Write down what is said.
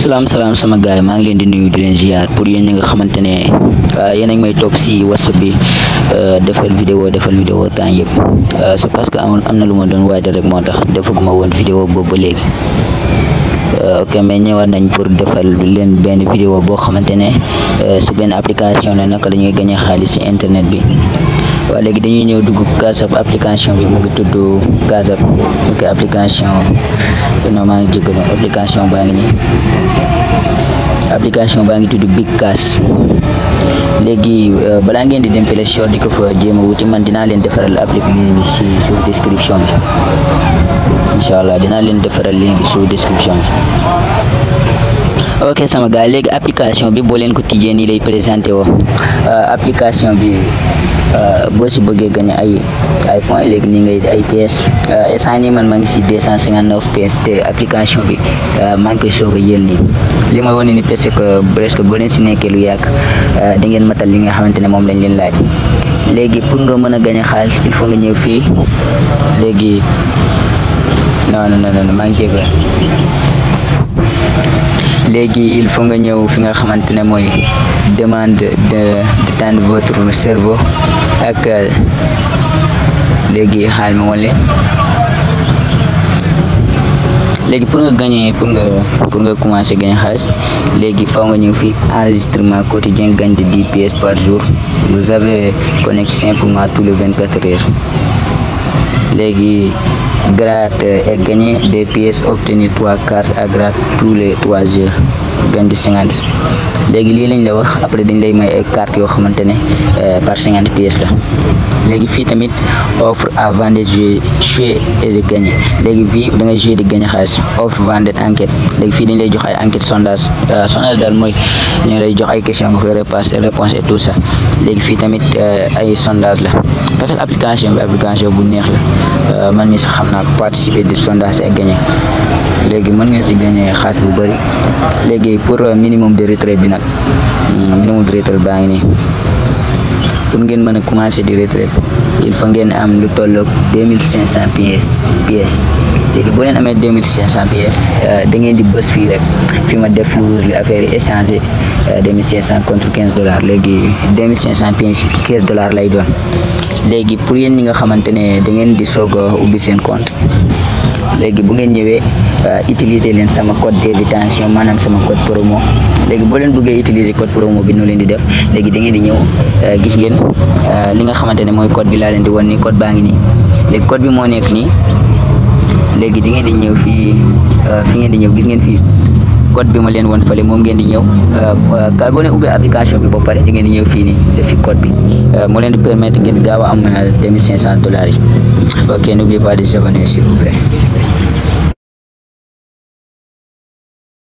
salaam salaam sama gaay maa ngi leen di nuyu di leen ziar pour yéen ñi nga xamante ne euh, yéen a ngi may topp si whatsapp bi euh, defal vidéo defal vidéo temps yëpp euh, c'est parce que am na lu ma doon waaj rek moo tax defaguma woon vidéo boobu ba léegi ok mais ñëwaat nañ pour defal leen benn vidéo boo xamante ne su benn application la naka la ñuy gagné xaalis ci internet bi waaw léegi dañuy ñëw dugg Gazap application bi mu ngi tudd Gazap ok application non maa ngi jégalu application baa ngi nii application baa ngi tudd Big Gas léegi euh, balaa ngeen di dem Play Store di ko fa a wuti man dinaa leen defaral application bi si suuf description bi incha allah dinaa leen defaral lien su suuf description bi. ok sama gars léegi application bi boo leen ko tijjee nii lay présenté woo euh, application bi. Euh, boo si bëggee gagné ay ay point léegi nii ngay ay pièces euh, instant nii man maa ngi si deux cent cinquante neuf pièces te application bi euh, maa ngi koy soog a yël nii li ma wane ni parce que presque boo leen si nekkee lu yàgg da ngeen matal li nga xamante ne moom lañ leen laaj léegi pour nga mën a gagné xaalis il faut nga ñëw fii léegi non non non maa ngi jégal il faut nga ñëw fi nga demande de d'étendre votre cerveau ak les xaal ma wan leen pour nga gagner pour nga pour nga commencer gagner xalis légui faw nga ñëw fi enregistrement quotidien gagne de 10 pièces par jour vous avez connexion pour moi tous les 24 heures gratte et euh, gagner des pièces, obtenir 3 cartes à gratte tous les 3 heures. Gagne de 50. léegi lii lañ la wax après dañ lay may ay carte yoo xamante ne euh, par cinquante pièces la léegi fii tamit offre à vendre jouer jouer et de gagner léegi fii da ngay jouer di gagner xaalis offre vendre enquête léegi fii dañ lay jox ay enquête sondage euh, sondage daal mooy ñu lay jox ay question nga koy réponse et tout sax léegi fii tamit euh, ay sondage la parce que application bi application bu neex la man mi sax xam naa participer de sondage et gagner léegi mën ngeen si gagné xaalis bu bëri léegi pour euh, minimum de retrait bi nag hmm, minimum de retrait baa ngi nii pour ngeen mën a commencé di retrait il faut ngeen am lu tolloog deux mille cinq cent pièces pièces léegi boo leen amee deux mille cinq cent pièces euh, da ngeen di bës fii rek fi ma def lu lu affaire yi échangé euh, deux mille cinq cent contre quinze dollars léegi deux cinq cent pièces quinze dollars lay doon léegi pour yéen ñi nga xamante ne da ngeen di soog a ubbi seen compte. léegi bu ngeen ñëwee euh, utiliser leen sama code de rétention maanaam sama code promo léegi boo leen bëggee utiliser code promo bi nu leen di def léegi da ngeen ñëw euh, gis ngeen euh, li nga xamante ne mooy code bi laa leen di wan nii code baa ngi nii léegi code bi moo nekk nii léegi di ngeen di ñëw fii fi ngeen di ñëw gis ngeen fii code bi ma leen woon fële moom ngeen di ñëw ka euh, euh, boo leen bi ba pare di ngeen di ñëw fii nii defi code bi euh, moo leen di permettre ngeen gaaw a am deux mille cinq cent dollars yi ok n'oubliez pas de s'abonner s'il